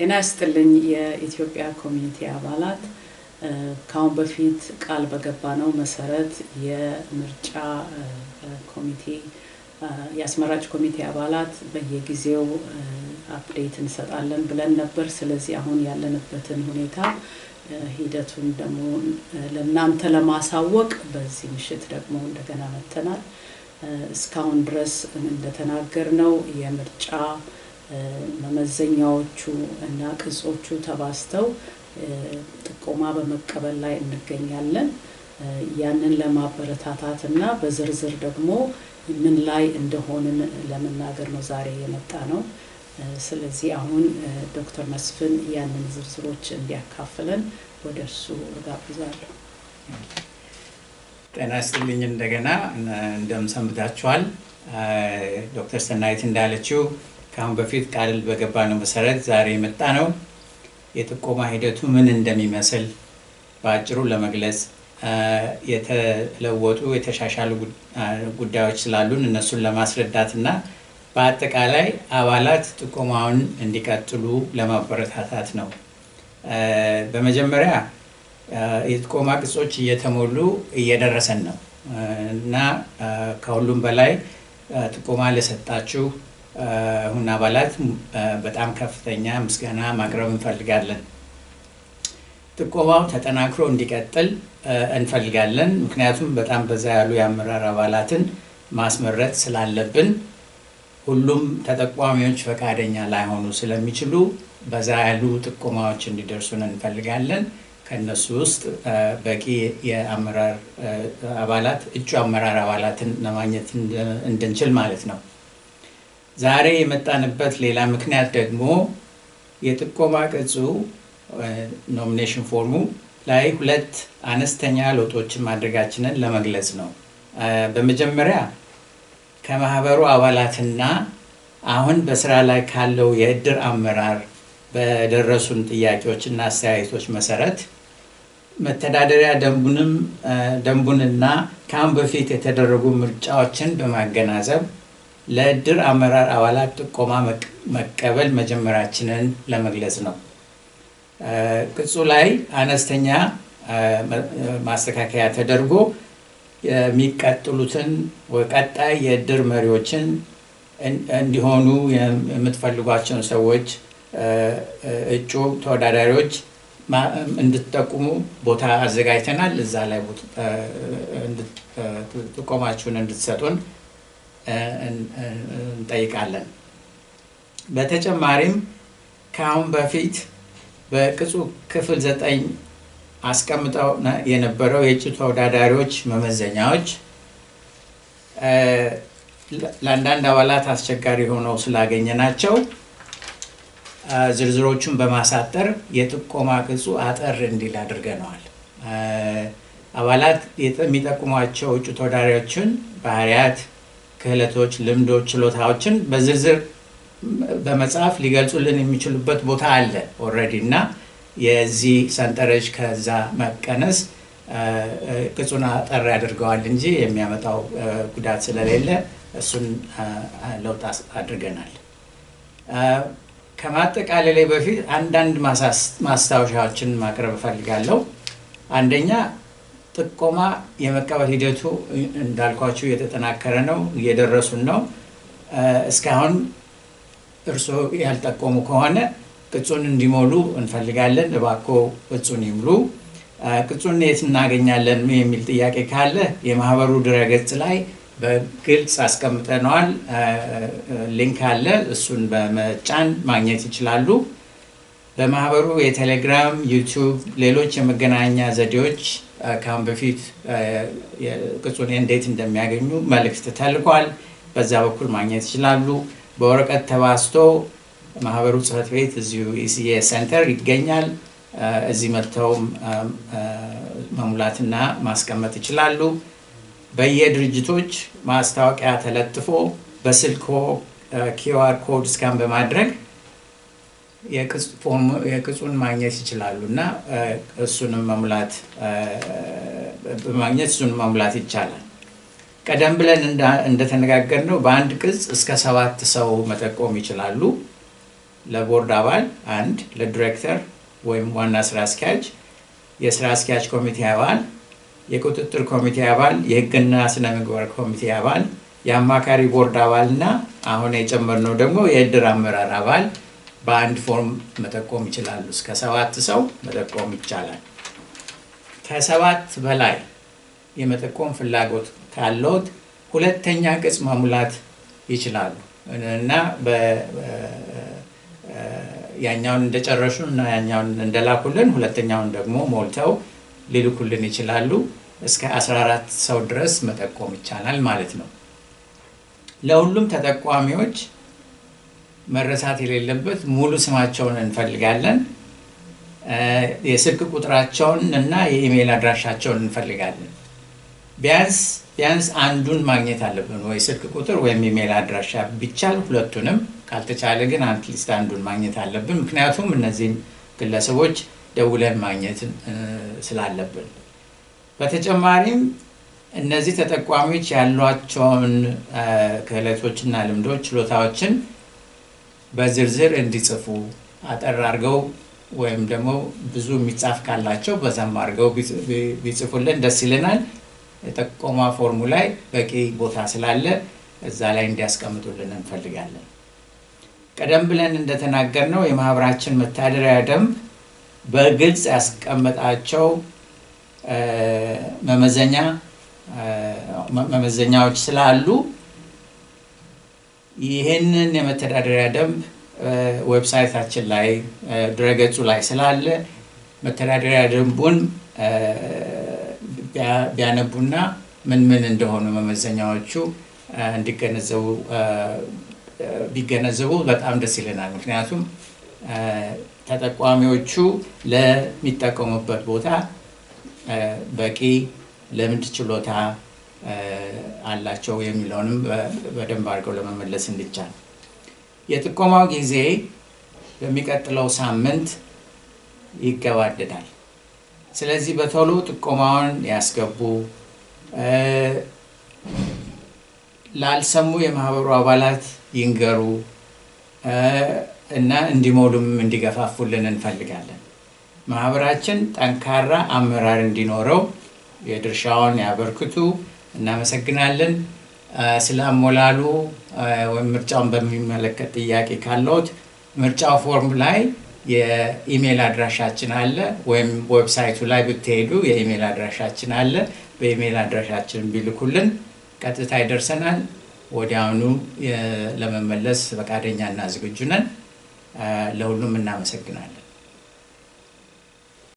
ጤና ያስጥልኝ የኢትዮጵያ ኮሚኒቲ አባላት ከአሁን በፊት ቃል በገባነው መሰረት የምርጫ ኮሚቴ የአስመራጭ ኮሚቴ አባላት በየጊዜው አፕዴት እንሰጣለን ብለን ነበር። ስለዚህ አሁን ያለንበትን ሁኔታ ሂደቱን ደግሞ ለእናንተ ለማሳወቅ በዚህ ምሽት ደግሞ እንደገና መጥተናል። እስካሁን ድረስ እንደተናገር ነው የምርጫ መመዘኛዎቹ እና ቅጾቹ ተባስተው ጥቆማ በመቀበል ላይ እንገኛለን። ያንን ለማበረታታት እና በዝርዝር ደግሞ ምን ላይ እንደሆንን ለመናገር ነው ዛሬ የመጣ ነው። ስለዚህ አሁን ዶክተር መስፍን ያንን ዝርዝሮች እንዲያካፍለን ወደ እርሱ እጋብዛለሁ። ጤና ይስጥልኝ እንደገና እንደምሰንብታችኋል። ዶክተር ሰናይት እንዳለችው ከአሁን በፊት ቃል በገባነው መሰረት ዛሬ የመጣ ነው የጥቆማ ሂደቱ ምን እንደሚመስል በአጭሩ ለመግለጽ የተለወጡ የተሻሻሉ ጉዳዮች ስላሉን እነሱን ለማስረዳት እና በአጠቃላይ አባላት ጥቆማውን እንዲቀጥሉ ለማበረታታት ነው። በመጀመሪያ የጥቆማ ቅጾች እየተሞሉ እየደረሰን ነው እና ከሁሉም በላይ ጥቆማ ለሰጣችሁ ሁን አባላት በጣም ከፍተኛ ምስጋና ማቅረብ እንፈልጋለን። ጥቆማው ተጠናክሮ እንዲቀጥል እንፈልጋለን። ምክንያቱም በጣም በዛ ያሉ የአመራር አባላትን ማስመረጥ ስላለብን ሁሉም ተጠቋሚዎች ፈቃደኛ ላይሆኑ ስለሚችሉ በዛ ያሉ ጥቆማዎች እንዲደርሱን እንፈልጋለን። ከነሱ ውስጥ በቂ የአመራር አባላት እጩ አመራር አባላትን ለማግኘት እንድንችል ማለት ነው። ዛሬ የመጣንበት ሌላ ምክንያት ደግሞ የጥቆማ ቅጹ ኖሚኔሽን ፎርሙ ላይ ሁለት አነስተኛ ለውጦችን ማድረጋችንን ለመግለጽ ነው። በመጀመሪያ ከማህበሩ አባላትና አሁን በስራ ላይ ካለው የእድር አመራር በደረሱን ጥያቄዎችና አስተያየቶች መሰረት መተዳደሪያ ደንቡንም ደንቡንና ከአሁን በፊት የተደረጉ ምርጫዎችን በማገናዘብ ለእድር አመራር አባላት ጥቆማ መቀበል መጀመራችንን ለመግለጽ ነው። ቅጹ ላይ አነስተኛ ማስተካከያ ተደርጎ የሚቀጥሉትን ቀጣይ የእድር መሪዎችን እንዲሆኑ የምትፈልጓቸውን ሰዎች እጩ ተወዳዳሪዎች እንድትጠቁሙ ቦታ አዘጋጅተናል። እዛ ላይ ጥቆማችሁን እንድትሰጡን እንጠይቃለን። በተጨማሪም ከአሁን በፊት በቅጹ ክፍል ዘጠኝ አስቀምጠው የነበረው የእጩ ተወዳዳሪዎች መመዘኛዎች ለአንዳንድ አባላት አስቸጋሪ ሆነው ናቸው ዝርዝሮቹን በማሳጠር የጥቆማ ቅጹ አጠር እንዲል አድርገነዋል። አባላት የሚጠቁሟቸው እጩ ተወዳዳሪዎችን ባህሪያት ክህለቶች፣ ልምዶች፣ ችሎታዎችን በዝርዝር በመጽሐፍ ሊገልጹልን የሚችሉበት ቦታ አለ ኦልሬዲ እና የዚህ ሰንጠረዥ ከዛ መቀነስ ቅጹን አጠር ያደርገዋል እንጂ የሚያመጣው ጉዳት ስለሌለ እሱን ለውጥ አድርገናል። ከማጠቃለላይ በፊት አንዳንድ ማስታወሻዎችን ማቅረብ እፈልጋለሁ። አንደኛ ጥቆማ የመቀበል ሂደቱ እንዳልኳቸው የተጠናከረ ነው፣ እየደረሱን ነው። እስካሁን እርስዎ ያልጠቆሙ ከሆነ ቅጹን እንዲሞሉ እንፈልጋለን። እባክዎ ቅጹን ይምሉ። ቅጹን የት እናገኛለን የሚል ጥያቄ ካለ የማህበሩ ድረገጽ ላይ በግልጽ አስቀምጠነዋል። ሊንክ አለ። እሱን በመጫን ማግኘት ይችላሉ። በማህበሩ የቴሌግራም፣ ዩቱብ፣ ሌሎች የመገናኛ ዘዴዎች ከአሁን በፊት ቅጹን እንዴት እንደሚያገኙ መልእክት ተልኳል። በዛ በኩል ማግኘት ይችላሉ። በወረቀት ተባስቶ ማህበሩ ጽህፈት ቤት እዚሁ ኢሲኤ ሴንተር ይገኛል። እዚህ መጥተውም መሙላትና ማስቀመጥ ይችላሉ። በየድርጅቶች ማስታወቂያ ተለጥፎ በስልኮ ኪውአር ኮድ እስካን በማድረግ የቅጹን ማግኘት ይችላሉ እና እሱንም መሙላት በማግኘት እሱን መሙላት ይቻላል። ቀደም ብለን እንደተነጋገርነው በአንድ ቅጽ እስከ ሰባት ሰው መጠቆም ይችላሉ። ለቦርድ አባል አንድ፣ ለዲሬክተር ወይም ዋና ስራ አስኪያጅ፣ የስራ አስኪያጅ ኮሚቴ አባል፣ የቁጥጥር ኮሚቴ አባል፣ የህግና ስነ ምግባር ኮሚቴ አባል፣ የአማካሪ ቦርድ አባል እና አሁን የጨመርነው ደግሞ የእድር አመራር አባል በአንድ ፎርም መጠቆም ይችላሉ። እስከ ሰባት ሰው መጠቆም ይቻላል። ከሰባት በላይ የመጠቆም ፍላጎት ካለዎት ሁለተኛ ቅጽ መሙላት ይችላሉ እና ያኛውን እንደጨረሹ እና ያኛውን እንደላኩልን ሁለተኛውን ደግሞ ሞልተው ሊልኩልን ይችላሉ። እስከ 14 ሰው ድረስ መጠቆም ይቻላል ማለት ነው። ለሁሉም ተጠቋሚዎች መረሳት የሌለበት ሙሉ ስማቸውን እንፈልጋለን። የስልክ ቁጥራቸውን እና የኢሜይል አድራሻቸውን እንፈልጋለን። ቢያንስ ቢያንስ አንዱን ማግኘት አለብን፣ ወይ ስልክ ቁጥር ወይም ኢሜይል አድራሻ ቢቻል ሁለቱንም፣ ካልተቻለ ግን አትሊስት አንዱን ማግኘት አለብን። ምክንያቱም እነዚህን ግለሰቦች ደውለን ማግኘት ስላለብን፣ በተጨማሪም እነዚህ ተጠቋሚዎች ያሏቸውን ክህለቶችና ልምዶች፣ ችሎታዎችን በዝርዝር እንዲጽፉ አጠር ወይም ደግሞ ብዙ የሚጻፍ ካላቸው በዛም አድርገው ቢጽፉልን ደስ ይለናል። የጠቆማ ፎርሙ ላይ በቂ ቦታ ስላለ እዛ ላይ እንዲያስቀምጡልን እንፈልጋለን። ቀደም ብለን እንደተናገር ነው የማህበራችን መታደሪያ ደንብ በግልጽ ያስቀመጣቸው መመዘኛ መመዘኛዎች ስላሉ ይህንን የመተዳደሪያ ደንብ ዌብሳይታችን ላይ ድረገጹ ላይ ስላለ መተዳደሪያ ደንቡን ቢያነቡና ምን ምን እንደሆኑ መመዘኛዎቹ እንዲገነዘቡ ቢገነዘቡ በጣም ደስ ይለናል። ምክንያቱም ተጠቋሚዎቹ ለሚጠቀሙበት ቦታ በቂ ለምንድ ችሎታ አላቸው የሚለውንም በደንብ አድርገው ለመመለስ እንዲቻል የጥቆማው ጊዜ በሚቀጥለው ሳምንት ይገባደዳል። ስለዚህ በቶሎ ጥቆማውን ያስገቡ። ላልሰሙ የማህበሩ አባላት ይንገሩ እና እንዲሞሉም እንዲገፋፉልን እንፈልጋለን። ማህበራችን ጠንካራ አመራር እንዲኖረው የድርሻውን ያበርክቱ። እናመሰግናለን። ስለ አሞላሉ ወይም ምርጫውን በሚመለከት ጥያቄ ካለዎት ምርጫው ፎርም ላይ የኢሜል አድራሻችን አለ፣ ወይም ዌብሳይቱ ላይ ብትሄዱ የኢሜል አድራሻችን አለ። በኢሜል አድራሻችን ቢልኩልን ቀጥታ ይደርሰናል። ወዲያውኑ ለመመለስ ፈቃደኛ እና ዝግጁ ነን። ለሁሉም እናመሰግናለን።